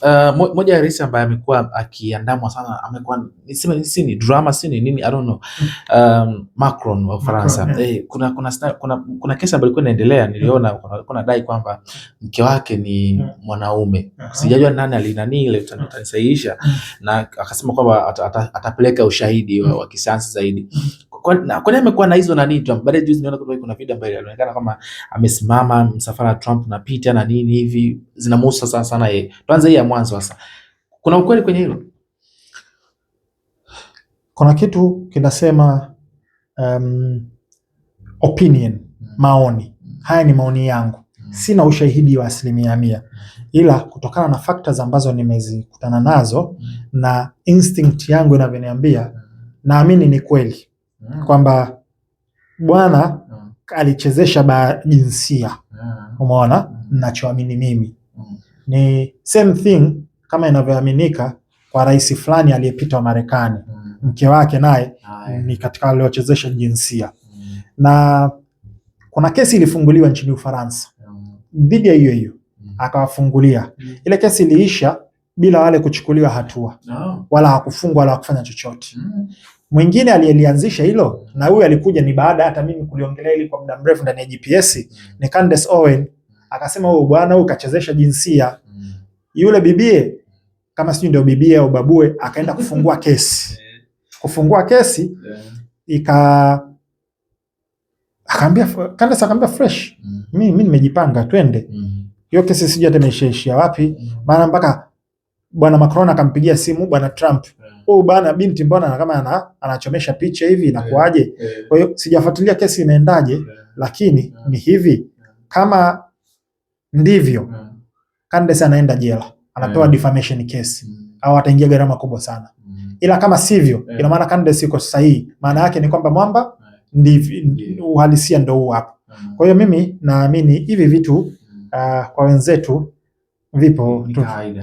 Uh, moja ya rais ambaye amekuwa akiandamwa sana amekuwa niseme si ni drama si ni nini I don't know. Um, Macron wa Ufaransa yeah. Eh, kuna, kuna, kuna, kuna kesi ambayo ilikuwa inaendelea niliona mm. kuna dai kwamba mke wake ni mm. mwanaume uh -huh. Sijajua nani alinani ile utanisaidisha mm. na akasema kwamba atapeleka ushahidi wa kisayansi zaidi kwa kwa nini amekuwa na hizo nani Trump? Baadaye juzi niona kuna video ambayo inaonekana kama amesimama msafara wa Trump na Peter na nini hivi, zinamuhusu sana sana yeye. Tuanze hii ya mwanzo sasa. Kuna ukweli kwenye hilo? Kuna kitu kinasema um, opinion, maoni. Haya ni maoni yangu, sina ushahidi wa asilimia mia, ila kutokana na factors ambazo nimezikutana nazo na instinct yangu inavyoniambia, naamini ni kweli Mm. kwamba Bwana mm. alichezesha ba jinsia. Mm. Umeona, nachoamini mimi ni same thing kama inavyoaminika kwa rais fulani aliyepita wa Marekani, mke wake naye ni katika waliochezesha jinsia, na kuna kesi ilifunguliwa nchini Ufaransa dhidi ya hiyo hiyo, akawafungulia. Ile kesi iliisha bila wale kuchukuliwa hatua wala hakufungwa wala kufanya chochote. Mwingine aliyelianzisha hilo na huyu alikuja ni baada hata mimi kuliongelea hili kwa muda mrefu ndani ya GPS ni Candace Owen, akasema huyu oh, bwana huyu kachezesha jinsia. Yule bibie kama sijui ndio bibie au babue akaenda kufungua kesi, eh. kufungua kesi eh. ika akaambia Candace akaambia fresh, mimi mm. mimi nimejipanga, twende mm. hiyo kesi. Sijui hata imeishaishia wapi, mm. maana mpaka bwana Macron akampigia simu bwana Trump oh, bana binti mbona kama ana, anachomesha picha hivi eh, inakuaje? Eh. Kwa hiyo sijafuatilia kesi inaendaje, eh, lakini ni hivi, kama ndivyo Candace anaenda jela, anapewa defamation case mm. au ataingia gharama kubwa sana, mm. ila kama sivyo, ina maana Candace iko sahihi. Maana yake ni kwamba mwamba ndivyo, uhalisia ndio huo hapo. Mm. Kwa hiyo mimi naamini hivi vitu uh, kwa wenzetu vipo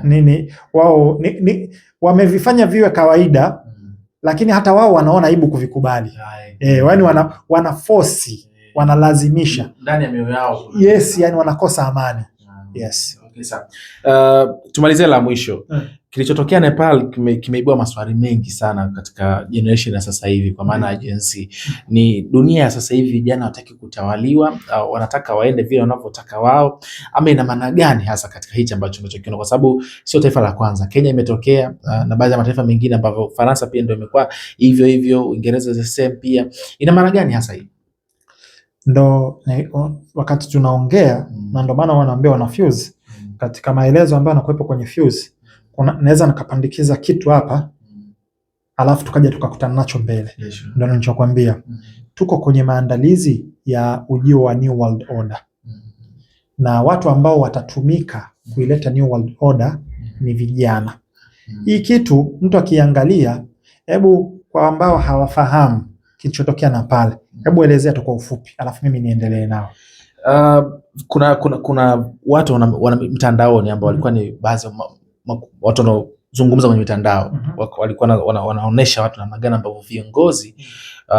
ni ni, wao ni, ni, wamevifanya viwe kawaida hmm. Lakini hata wao wanaona aibu kuvikubali eh, yani wana, wana force eh. wanalazimisha ndani ya mioyo yao. Yes, yani wanakosa amani. yeah. Yes. Okay, sawa. Uh, tumalizie la mwisho. Hmm kilichotokea Nepal kime, kimeibua maswali mengi sana katika generation ya sasa hivi, kwa maana ya mm. Gen Z. Ni dunia ya sasa hivi, vijana wataki kutawaliwa, uh, wanataka waende vile wanavyotaka wao, ama ina maana gani hasa katika hichi ambacho tunachokiona? Kwa sababu sio taifa la kwanza, Kenya imetokea uh, na baadhi ya mataifa mengine ambavyo Faransa pia ndio imekuwa hivyo hivyo, Uingereza the same pia. Ina maana gani hasa hii? Ndo wakati tunaongea mm. na ndo maana wanaambia wana fuse mm. katika maelezo ambayo anakuwepo kwenye fuse naweza nikapandikiza kitu hapa mm. alafu tukaja tukakutana nacho mbele. Yes, sure. Ndio nilichokuambia. Mm -hmm. Tuko kwenye maandalizi ya ujio wa New World Order. Mm -hmm. Na watu ambao watatumika kuileta New World Order mm -hmm. ni vijana. Mm -hmm. Hii kitu mtu akiangalia, hebu kwa ambao hawafahamu kilichotokea na pale, mm. hebu elezea tu kwa ufupi, alafu mimi niendelee nao. Uh, kuna, kuna, kuna watu wana, wana, mtandaoni ambao mm. walikuwa ni baadhi watu wanaozungumza kwenye mitandao mm -hmm. walikuwa wana, wanaonesha watu namna gani ambavyo viongozi mm.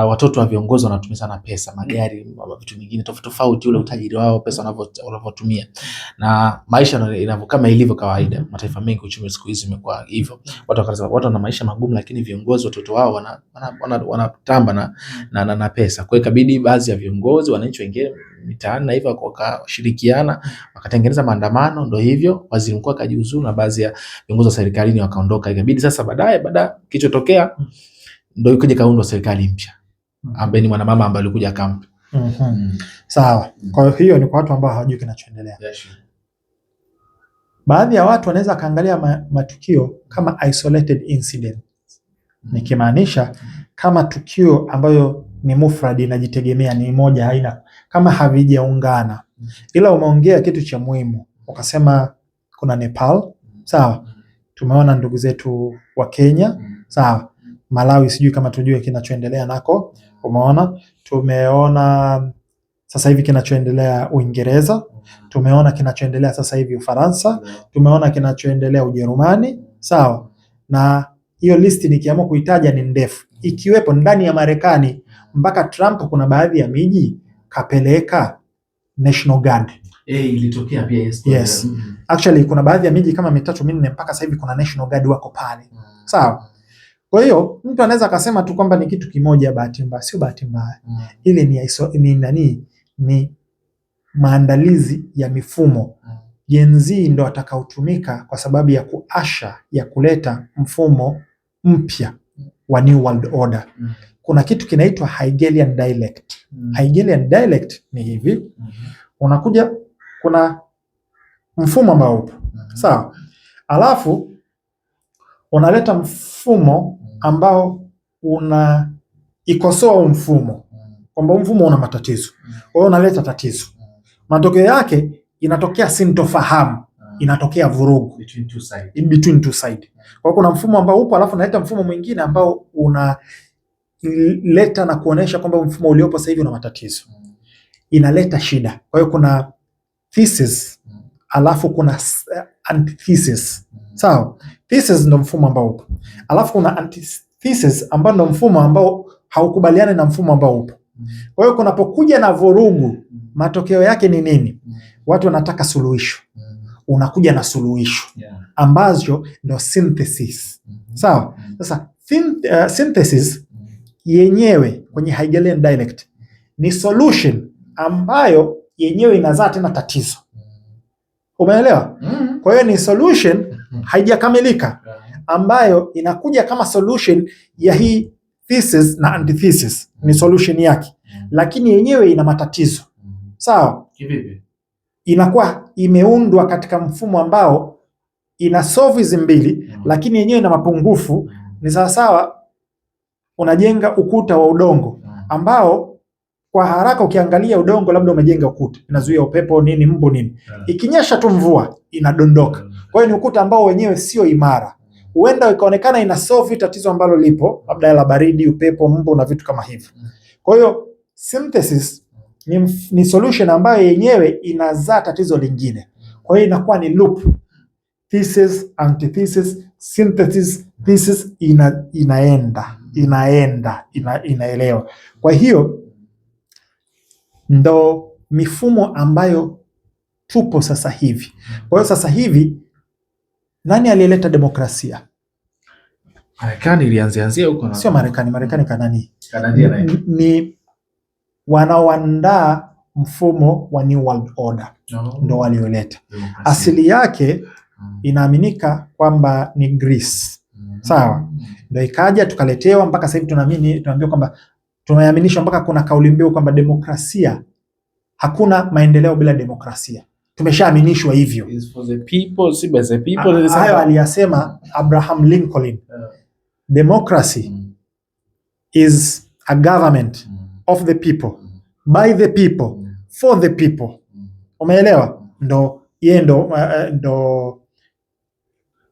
uh, watoto wa viongozi wanatumia sana pesa, magari, vitu vingine tofauti tofauti, ule utajiri wao, pesa wanavyotumia mm. na maisha inavyo, kama ilivyo kawaida mm. mataifa mengi, uchumi siku hizi imekuwa hivyo. Watu wana maisha magumu, lakini viongozi watoto wao wanatamba wana, wana, wana na, na, na pesa. Kwa hiyo ikabidi baadhi ya viongozi, wananchi wengine mitaani na hivyo wakashirikiana wakatengeneza maandamano. Ndio hivyo waziri mkuu akajiuzuru na baadhi ya viongozi wa serikalini wakaondoka. Ikabidi sasa baadaye baada kilichotokea ndio ikaja kaundwa serikali mpya ambaye ni mwanamama ambaye alikuja kamp. mm -hmm. mm. Sawa. Kwa hiyo hiyo ni kwa watu ambao hawajui kinachoendelea. Yes. Baadhi ya watu wanaweza kaangalia matukio kama isolated incident, mm-hmm. nikimaanisha kama tukio ambayo ni mufradi inajitegemea, ni moja, haina kama havijaungana, ila umeongea kitu cha muhimu, ukasema kuna Nepal, sawa. Tumeona ndugu zetu wa Kenya, sawa. Malawi, sijui kama tujue kinachoendelea nako, umeona. Tumeona sasa hivi kinachoendelea Uingereza, tumeona kinachoendelea sasa hivi Ufaransa, tumeona kinachoendelea Ujerumani, sawa. Na hiyo listi nikiamua kuitaja ni ndefu, ikiwepo ndani ya Marekani mpaka Trump kuna baadhi ya miji kapeleka National Guard. Hey, eh, ilitokea pia yes. Yes. Mm mm-hmm. Actually kuna baadhi ya miji kama mitatu minne mpaka sasa hivi kuna National Guard wako pale. Mm -hmm. Sawa. Kwa hiyo mtu anaweza akasema tu kwamba ni kitu kimoja, bahati mbaya. Sio bahati mbaya. Mm -hmm. Ile ni iso, ni nani ni maandalizi ya mifumo. Mm Gen Z ndo atakaotumika kwa sababu ya kuasha ya kuleta mfumo mpya wa New World Order. Mm -hmm kuna kitu kinaitwa Hegelian dialect. Mm. Hegelian dialect ni hivi. Mm -hmm. Unakuja kuna mfumo ambao upo. Mm -hmm. Sawa. Alafu unaleta mfumo mm. ambao una ikosoa mfumo mm. kwamba mfumo una matatizo. Mm. Kwa hiyo unaleta tatizo. Matokeo yake inatokea sintofahamu, inatokea vurugu between two side. In between two side. Kwa hiyo kuna mfumo ambao upo alafu unaleta mfumo mwingine ambao una inaleta na kuonesha kwamba mfumo uliopo sasa hivi una matatizo, inaleta shida. Kwa hiyo kuna thesis alafu kuna eh, antithesis, sawa? Thesis ndio mfumo ambao upo, alafu kuna antithesis ambao ndio mfumo ambao haukubaliani na mfumo ambao upo. Kwa hiyo kunapokuja na vurugu, matokeo yake ni nini? Watu wanataka suluhisho, unakuja na suluhisho ambazo ndio synthesis, sawa? Sasa eh, synthesis yenyewe kwenye Hegelian dialect ni solution ambayo yenyewe inazaa tena tatizo. Umeelewa? Mm. Kwa hiyo ni solution mm-hmm. haijakamilika ambayo inakuja kama solution ya hii thesis na antithesis, ni solution yake, mm-hmm. lakini yenyewe ina matatizo. Sawa? Kivipi? Inakuwa imeundwa katika mfumo ambao ina solve hizi mbili, lakini yenyewe ina mapungufu. Ni sawasawa unajenga ukuta wa udongo mm. ambao kwa haraka ukiangalia udongo labda umejenga ukuta, inazuia upepo nini, mbu nini. Mm. Ikinyesha tu mvua inadondoka. Mm. Kwa hiyo ni ukuta ambao wenyewe sio imara, huenda ikaonekana ina solve tatizo ambalo lipo, labda la baridi, upepo, mbu na vitu kama hivyo. Kwa hiyo synthesis ni, ni solution ambayo yenyewe inazaa tatizo lingine, kwa hiyo inakuwa ni loop thesis, antithesis, synthesis, thesis ina, inaenda inaenda ina, inaelewa. Kwa hiyo ndo mifumo ambayo tupo sasa hivi. Kwa hiyo sasa hivi nani alileta demokrasia? Marekani ilianzianzia huko, na sio Marekani. Marekani kanani ni wanaoandaa mfumo wa New World Order ndo no. walioleta asili yake Mm. inaaminika kwamba ni Greece. Mm. Sawa, mm. ndio ikaja tukaletewa mpaka sasa hivi tunaamini, tunaambiwa kwamba tumeaminishwa mpaka kuna kauli mbiu kwamba demokrasia, hakuna maendeleo bila demokrasia. Tumeshaaminishwa hivyo. Ah, hayo aliyasema Abraham Lincoln, democracy is a government of the people by the people for the people. Umeelewa? Ndo yeye ndo, eh, eh, ndo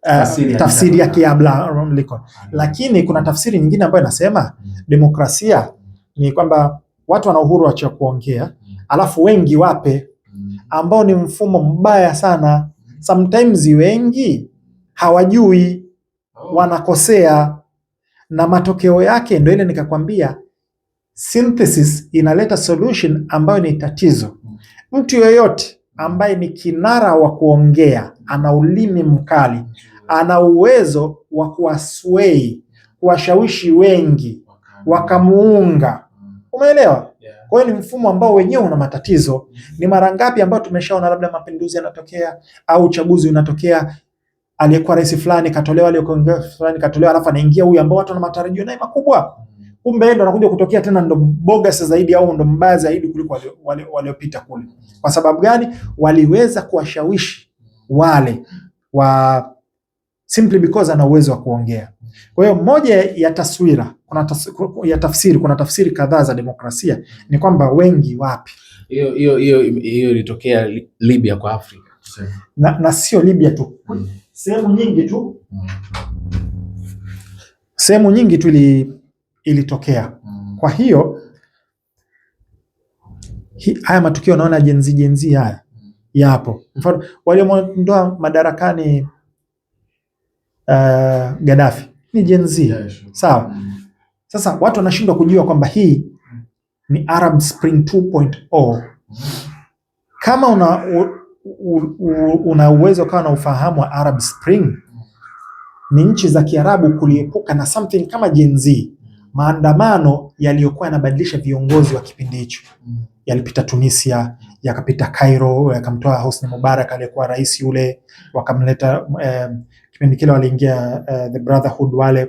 Eh, tafsiri ya Kiabla-Lincoln. Lakini kuna tafsiri nyingine ambayo inasema mm. demokrasia mm. ni kwamba watu wana uhuru wa cha kuongea, mm. alafu wengi wape, ambao ni mfumo mbaya sana. Sometimes wengi hawajui oh. wanakosea, na matokeo yake ndio ile nikakwambia synthesis inaleta solution ambayo ni tatizo. Mtu yoyote ambaye ni kinara wa kuongea ana ulimi mkali ana uwezo wa kuwaswei, kuwashawishi wengi wakamuunga. Mm. Umeelewa? Kwa hiyo ni mfumo ambao wenyewe una matatizo. Mm. Ni mara ngapi ambayo tumeshaona labda mapinduzi yanatokea au uchaguzi unatokea, aliyekuwa rais fulani katolewa, aliyekuwa fulani katolewa, alafu anaingia huyu ambao watu wana matarajio naye makubwa, mm. kumbe ndo anakuja kutokea tena ndo bogus zaidi au ndo mbaya zaidi kuliko waliopita kule. Kwa sababu gani? Waliweza kuwashawishi wale wa simply because ana uwezo wa kuongea. Kwa hiyo moja ya taswira kuna tas, ya tafsiri kuna tafsiri kadhaa za demokrasia ni kwamba wengi wapi, hiyo hiyo hiyo hiyo ilitokea Libya kwa Afrika na, na sio Libya tu mm. sehemu nyingi tu mm. sehemu nyingi tu ili, ilitokea mm. kwa hiyo hi, haya matukio naona jenzi jenzi haya mm. yapo, mfano waliomwondoa madarakani uh, Gaddafi ni Gen Z yeah, sure. Sawa. Mm. Sasa watu wanashindwa kujua kwamba hii ni Arab Spring 2.0. Mm. Kama una u, u, una uwezo kawa na ufahamu wa Arab Spring, ni nchi za Kiarabu kuliepuka na something kama Gen Z, maandamano yaliyokuwa yanabadilisha viongozi wa kipindi hicho mm. yalipita Tunisia, yakapita Cairo, yakamtoa Hosni Mubarak aliyekuwa rais yule, wakamleta eh, kipindi kile waliingia eh, the Brotherhood wale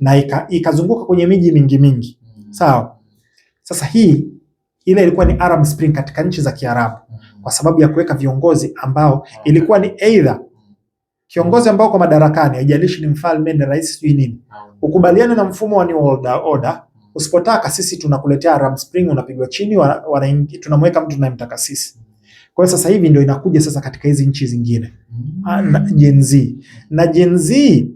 na ikazunguka kwenye miji mingi mingi, sawa. Sasa hii ile ilikuwa ni Arab Spring katika nchi za Kiarabu kwa sababu ya kuweka viongozi ambao ilikuwa ni either kiongozi ambao kwa madarakani haijalishi ni mfalme, ni rais, sijui nini, ukubaliane na mfumo wa New World Order Usipotaka sisi tunakuletea Arab Spring, unapigwa chini, tunamweka mtu tunayemtaka sisi. Kwa hiyo sasa hivi ndio inakuja sasa katika hizi nchi zingine ah, mm. Gen Z na Gen Z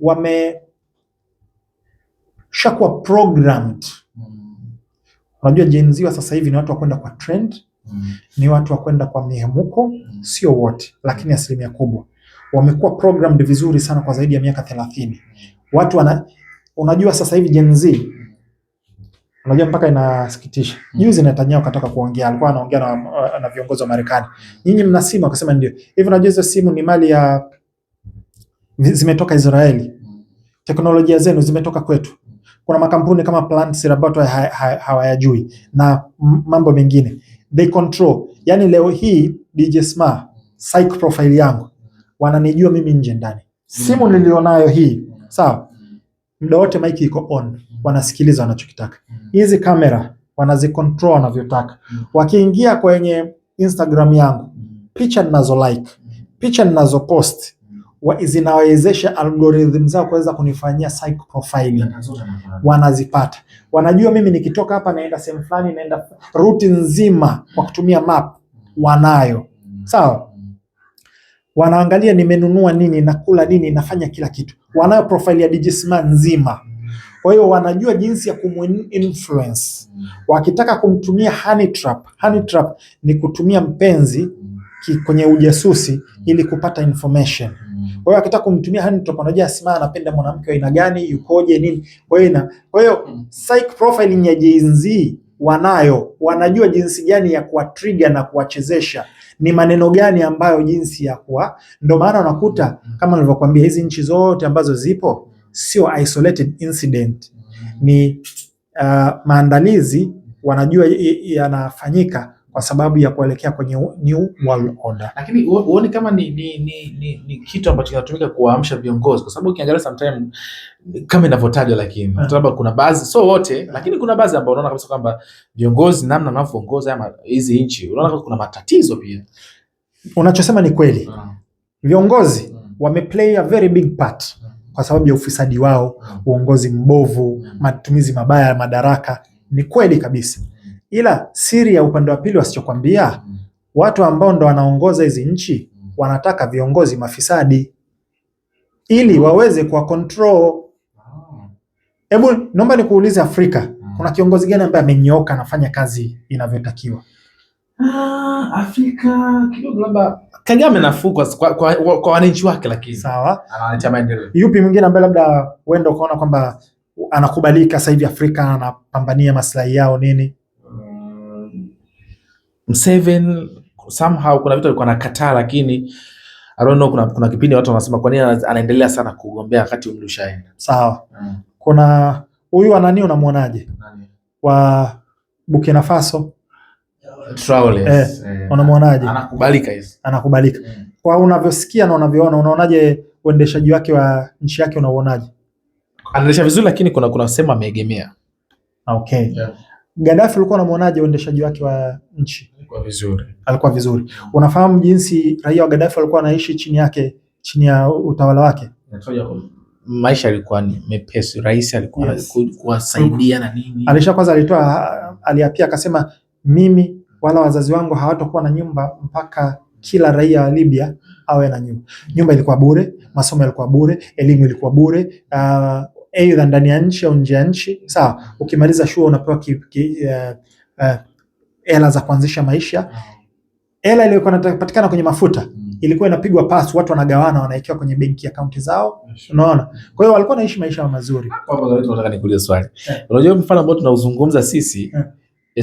wameshakuwa programmed. Mm. Unajua Gen Z wa sasa hivi ni watu wa kwenda kwa trend, mm. ni watu wa kwenda kwa mihemuko, sio wote, lakini asilimia kubwa wamekuwa programmed vizuri sana kwa zaidi ya miaka thelathini. Watu wana, unajua sasa hivi Gen Z Unajua mpaka inasikitisha. Mm. Juzi Netanyahu katoka kuongea, alikuwa anaongea na, uh, na viongozi wa Marekani. Nyinyi mna simu, akasema ndio. Hivi unajua hizo simu ni mali ya zimetoka Israeli. Mm. Teknolojia zenu zimetoka kwetu. Kuna makampuni kama Plant Sirabato ha, ha, hawayajui na mambo mengine. They control. Yaani leo hii DJ Sma, psych profile yangu wananijua mimi nje ndani. Mm. Simu nilionayo hii, sawa? Muda wote mic iko on, wanasikiliza wanachokitaka hizi kamera wanazicontrol wanavyotaka. Mm. Wakiingia kwenye Instagram yangu, mm. picha ninazo like, mm. picha ninazo post zinawezesha algorithm zao kuweza kunifanyia psych profiling, wanazipata, wanajua mimi nikitoka hapa naenda sehemu fulani, naenda ruti nzima kwa kutumia map, wanayo sawa. Wanaangalia nimenunua nini, nakula nini, nafanya kila kitu, wanayo profile ya Digisman nzima. Kwa hiyo wanajua jinsi ya kuminfluence. Wakitaka kumtumia honey trap. Honey trap ni kutumia mpenzi kwenye ujasusi ili kupata information. Kwa hiyo akitaka kumtumia honey trap anajua Asmah anapenda mwanamke wa aina gani, yukoje, nini. Kwa hiyo kwa hiyo psych profiling ya Gen Z wanayo, wanajua jinsi gani ya trigger na kuwachezesha ni maneno gani ambayo jinsi ya kuwa, ndio maana unakuta kama nilivyokuambia hizi nchi zote ambazo zipo sio isolated incident, mm-hmm. ni uh, maandalizi mm-hmm. wanajua yanafanyika kwa sababu ya kuelekea kwenye new world order. Lakini uone kama ni, ni, ni, ni, ni kitu ambacho kinatumika kuwaamsha viongozi, kwa sababu ukiangalia sometimes kama inavyotajwa, lakini mm. labda kuna baadhi, so wote, mm. lakini kuna baadhi ambao unaona kabisa kwamba viongozi, namna wanavyoongoza hizi nchi, unaona kuna matatizo pia. Unachosema ni kweli, mm. viongozi wameplay a very big part kwa sababu ya ufisadi wao, mm. uongozi mbovu, mm. matumizi mabaya ya madaraka. Ni kweli kabisa, mm. ila siri ya upande wa pili wasichokwambia watu ambao ndo wanaongoza hizi nchi, wanataka viongozi mafisadi ili waweze kuwa control. Ah. Hebu naomba nikuulize, Afrika kuna kiongozi gani ambaye amenyoka anafanya kazi inavyotakiwa? Ah, Afrika kidogo labda Kagame nafuu kwa, kwa, kwa wananchi wake, lakini sawa, analeta ah, maendeleo. Yupi mwingine ambaye labda uenda ukaona kwamba anakubalika sasa hivi Afrika anapambania maslahi yao nini? Mseveni mm, somehow kuna vitu alikuwa anakataa, lakini I don't know, kuna, kuna kipindi watu wanasema kwa nini anaendelea sana kugombea wakati umri ushaenda. Sawa mm. Kuna huyu anani unamwonaje wa Burkina Faso Traoré eh, eh, unamwonaje? Anakubalika hizo, anakubalika mm. kwa unavyosikia na unavyoona, unaonaje uendeshaji wake wa nchi yake unauonaje? Anaendesha vizuri, lakini kuna kuna sema ameegemea. Okay, yeah. Gaddafi ulikuwa unamwonaje uendeshaji wake wa nchi? Alikuwa vizuri, alikuwa vizuri. Unafahamu jinsi raia wa Gaddafi walikuwa wanaishi chini yake, chini ya utawala wake? Maisha yalikuwa ni mepesi, rais alikuwa yes. kuwasaidia na nini. Alisha kwanza alitoa aliapia akasema mimi wala wazazi wangu hawatakuwa na nyumba mpaka kila raia wa Libya awe na nyumba. Nyumba ilikuwa bure, masomo yalikuwa bure, elimu ilikuwa bure, uh, aidha ndani ya nchi au nje ya nchi. Sawa, ukimaliza shule unapewa ki, ki, uh, uh, hela za kuanzisha maisha. Hela iliyokuwa inapatikana kwenye mafuta hmm. ilikuwa inapigwa pasu, watu wanagawana, wanaikiwa kwenye benki ya kaunti zao, unaona. Kwa hiyo walikuwa naishi maisha mazuri. Hapo ndio nataka nikuulize swali. Eh. Unajua mfano ambao tunauzungumza sisi yeah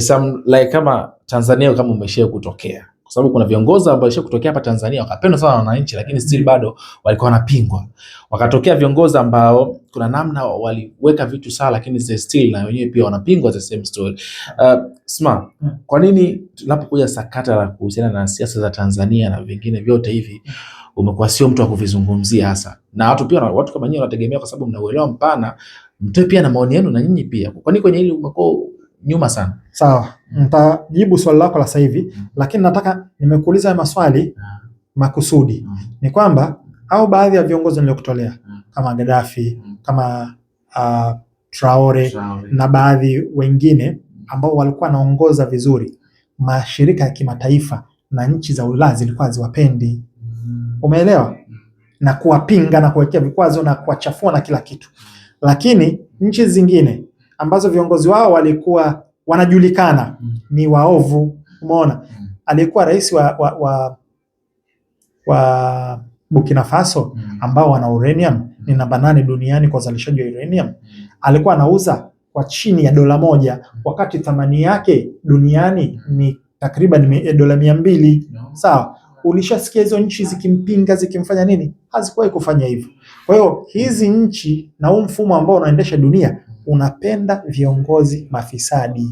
some, like kama Tanzania kama umesha kutokea, kwa sababu kuna viongozi ambao walisha kutokea hapa Tanzania wakapendwa sana na wananchi, lakini still mm-hmm. bado walikuwa wanapingwa. Wakatokea viongozi ambao kuna namna waliweka vitu sawa, lakini they still na wenyewe pia wanapingwa, the same story. Uh, Sma, mm. kwa nini tunapokuja sakata la kuhusiana na siasa za Tanzania na vingine vyote hivi umekuwa sio mtu wa kuvizungumzia hasa, na watu pia watu kama nyinyi wanategemea, kwa sababu mnauelewa mpana, mtoe pia na maoni yenu na nyinyi pia, Kwa nini kwenye hili umekuwa nyuma sana. Sawa, mm. nitajibu swali lako la sasa hivi mm. Lakini nataka nimekuuliza maswali mm. makusudi mm. ni kwamba au baadhi ya viongozi niliokutolea mm. kama Gaddafi mm. kama uh, Traore, Traore na baadhi wengine ambao walikuwa wanaongoza vizuri, mashirika ya kimataifa na nchi za Ulaya zilikuwa ziwapendi mm. umeelewa mm. na kuwapinga na kuwekea vikwazo na kuwachafua na kila kitu, mm. lakini nchi zingine ambazo viongozi wao walikuwa wanajulikana mm. ni waovu. Umeona mm. aliyekuwa rais wa, wa, wa, wa Burkina Faso mm. ambao wana uranium mm. ni namba nane duniani kwa uzalishaji wa uranium, mm. alikuwa anauza kwa chini ya dola moja mm. wakati thamani yake duniani ni takriban eh, dola mia mbili no. Sawa, ulishasikia hizo nchi zikimpinga zikimfanya nini? Hazikuwahi kufanya hivyo. Kwa hiyo hizi nchi na huu mfumo ambao unaendesha dunia unapenda viongozi mafisadi.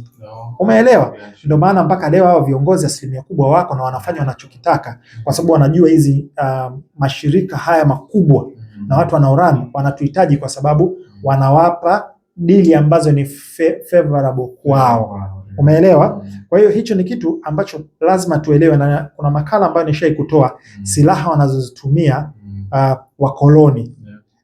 Umeelewa? Ndio maana mpaka leo hao viongozi asilimia kubwa wako na wanafanya wanachokitaka, mm. kwa sababu wanajua hizi uh, mashirika haya makubwa mm. na watu wanaorani wanatuhitaji kwa sababu mm. wanawapa dili ambazo ni favorable kwao. Umeelewa? Kwa hiyo hicho ni kitu ambacho lazima tuelewe, na kuna makala ambayo nishai kutoa, silaha wanazozitumia uh, wakoloni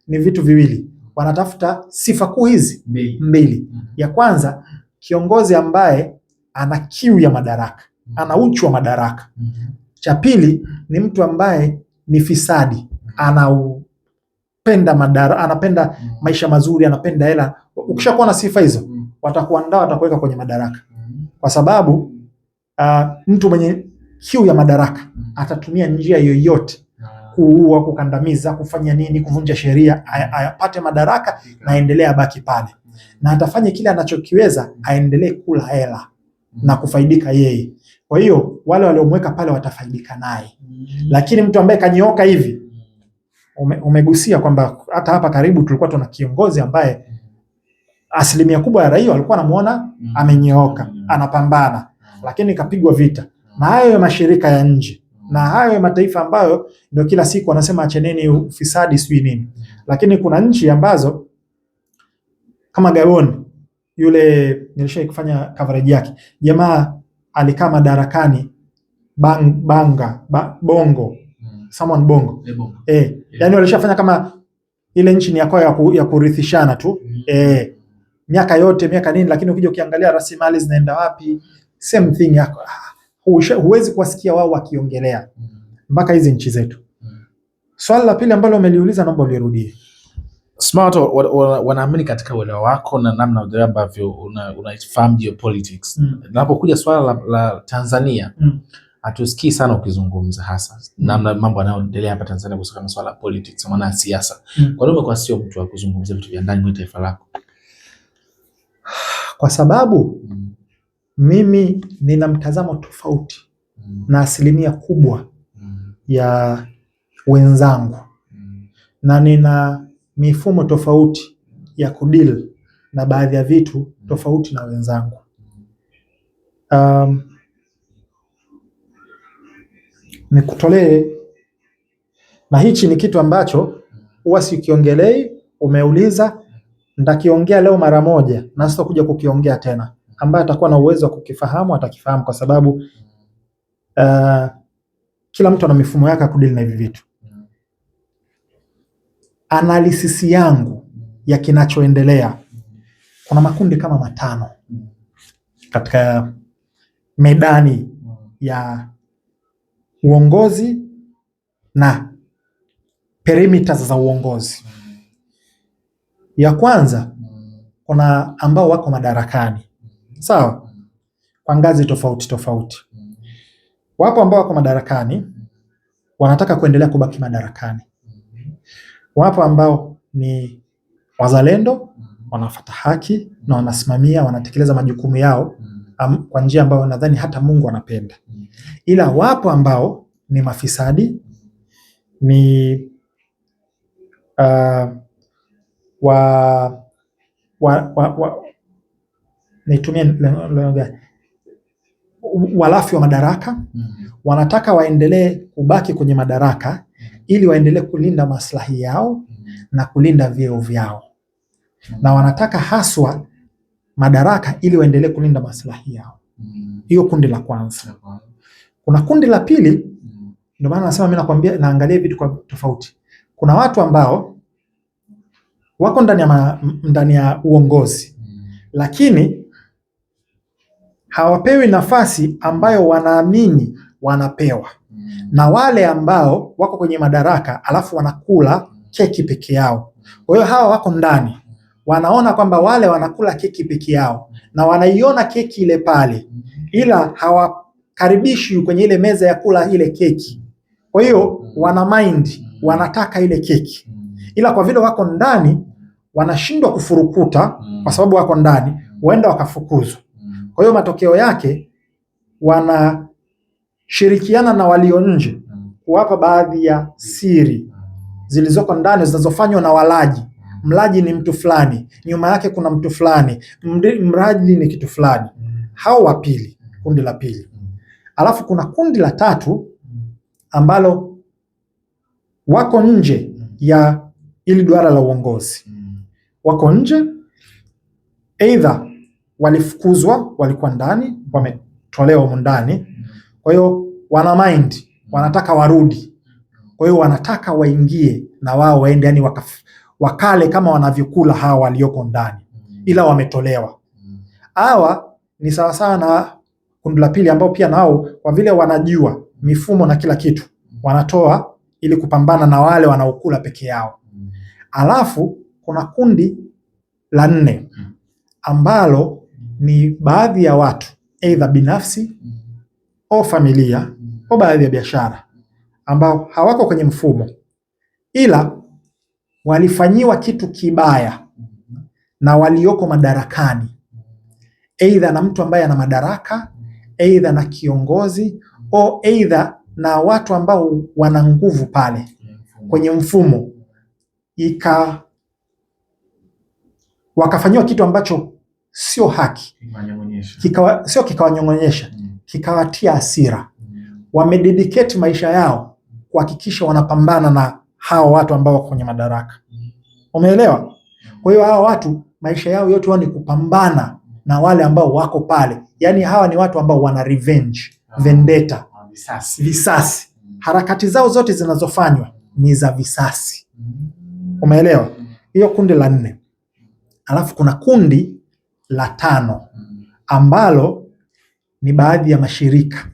ni vitu viwili wanatafuta sifa kuu hizi mbili. Mm-hmm. Ya kwanza kiongozi ambaye ana kiu ya madaraka, mm-hmm. ana uchu wa madaraka. Mm-hmm. Cha pili ni mtu ambaye ni fisadi, penda madara, anapenda maisha mazuri, anapenda hela. Ukishakuwa na sifa hizo, watakuandaa, watakuweka kwenye madaraka, kwa sababu uh, mtu mwenye kiu ya madaraka atatumia njia yoyote kuua, kukandamiza, kufanya nini, kuvunja sheria, ayapate madaraka na aendelee abaki pale, na atafanye kile anachokiweza aendelee kula hela na kufaidika yeye. Kwa hiyo wale waliomweka pale watafaidika naye, lakini mtu ambaye kanyoka hivi ume, umegusia kwamba hata hapa karibu tulikuwa tuna kiongozi ambaye asilimia kubwa ya raia walikuwa anamuona amenyooka, anapambana, lakini kapigwa vita na hayo mashirika ya nje na hayo mataifa ambayo ndio kila siku wanasema acheneni ufisadi sijui nini, lakini kuna nchi ambazo kama Gabon, yule nilishai kufanya coverage yake, jamaa alikaa madarakani bang, banga ba, bongo hmm. someone bongo eh, eh yeah. Yani walishafanya kama ile nchi ni yako ya, ku, ya kurithishana tu hmm. eh, miaka yote miaka nini, lakini ukija ukiangalia rasilimali zinaenda wapi, same thing yako ah huwezi kuwasikia wao wakiongelea mpaka hizi nchi zetu. Swali la pili ambalo wameliuliza naomba ulirudie. Smart wanaamini katika uelewa wako na namna ambavyo unaifahamu geopolitics. Mm. Napokuja swala la Tanzania mm. hatusikii sana ukizungumza hasa mm. namna mambo yanayoendelea hapa Tanzania kuhusu masuala ya politics, maana siasa. Kwa nini umekuwa sio mtu wa kuzungumzia vitu vya ndani kwa taifa lako? Kwa sababu mm mimi nina mtazamo tofauti mm. na asilimia kubwa mm. ya wenzangu mm. na nina mifumo tofauti ya kudil na baadhi ya vitu mm. tofauti na wenzangu. Mm. Um, nikutolee na hichi ni kitu ambacho huwa sikiongelei. Umeuliza, ntakiongea leo mara moja na sitakuja kukiongea tena ambaye atakuwa na uwezo wa kukifahamu atakifahamu, kwa sababu uh, kila mtu ana mifumo yake ya kudili na hivi vitu. Analysis yangu ya kinachoendelea, kuna makundi kama matano katika medani ya uongozi na perimeters za uongozi. Ya kwanza kuna ambao wako madarakani sawa, kwa ngazi tofauti tofauti. Wapo ambao wako madarakani wanataka kuendelea kubaki madarakani, wapo ambao ni wazalendo wanafata haki na wanasimamia, wanatekeleza majukumu yao kwa njia ambayo nadhani hata Mungu anapenda, ila wapo ambao ni mafisadi, ni uh, wa, wa, wa, wa, naitumia neno Walafi wa madaraka mm-hmm. wanataka waendelee kubaki kwenye madaraka mm-hmm. ili waendelee kulinda maslahi yao mm-hmm. na kulinda vyeo vyao, na wanataka haswa madaraka ili waendelee kulinda maslahi yao. Hiyo kundi la kwanza. Kuna kundi la pili, ndio maana nasema mimi nakwambia, naangalia vitu kwa tofauti. Kuna watu ambao wako ndani ya, ndani ya uongozi lakini hawapewi nafasi ambayo wanaamini wanapewa mm. na wale ambao wako kwenye madaraka alafu wanakula keki peke yao. Kwa hiyo hawa wako ndani, wanaona kwamba wale wanakula keki peke yao na wanaiona keki ile pale, ila hawakaribishi kwenye ile meza ya kula ile keki. Kwa hiyo wana mind, wanataka ile keki, ila kwa vile wako ndani wanashindwa kufurukuta kwa sababu wako ndani, waenda wakafukuzwa. Kwa hiyo matokeo yake wanashirikiana na walio nje kuwapa baadhi ya siri zilizoko ndani zinazofanywa na walaji. Mlaji ni mtu fulani, nyuma yake kuna mtu fulani, mraji ni kitu fulani. Hao wa pili, kundi la pili. Alafu kuna kundi la tatu ambalo wako nje ya ili duara la uongozi, wako nje aidha walifukuzwa, walikuwa ndani, wametolewa huko ndani. Kwa hiyo wana mind, wanataka warudi, kwa hiyo wanataka waingie na wao waende, yani waka, wakale kama wanavyokula hawa walioko ndani, ila wametolewa. Hawa ni sawasawa na kundi la pili ambao pia nao kwa vile wanajua mifumo na kila kitu wanatoa ili kupambana na wale wanaokula peke yao. Alafu kuna kundi la nne ambalo ni baadhi ya watu aidha binafsi mm-hmm. au familia mm-hmm. au baadhi ya biashara ambao hawako kwenye mfumo, ila walifanyiwa kitu kibaya mm-hmm. na walioko madarakani, aidha na mtu ambaye ana madaraka, aidha na kiongozi au aidha na watu ambao wana nguvu pale kwenye mfumo ika wakafanyiwa kitu ambacho sio haki, kikawa, sio kikawanyong'onyesha mm. kikawatia hasira mm. wamededicate maisha yao kuhakikisha wanapambana na hawa watu ambao wako kwenye madaraka mm. umeelewa? Mm. Kwa hiyo hawa watu maisha yao yote wao ni kupambana na wale ambao wako pale, yaani hawa ni watu ambao wana revenge ah. vendetta ah, visasi, visasi. Mm. harakati zao zote zinazofanywa ni za visasi mm. umeelewa? Hiyo kundi la nne, alafu kuna kundi la tano mm. ambalo ni baadhi ya mashirika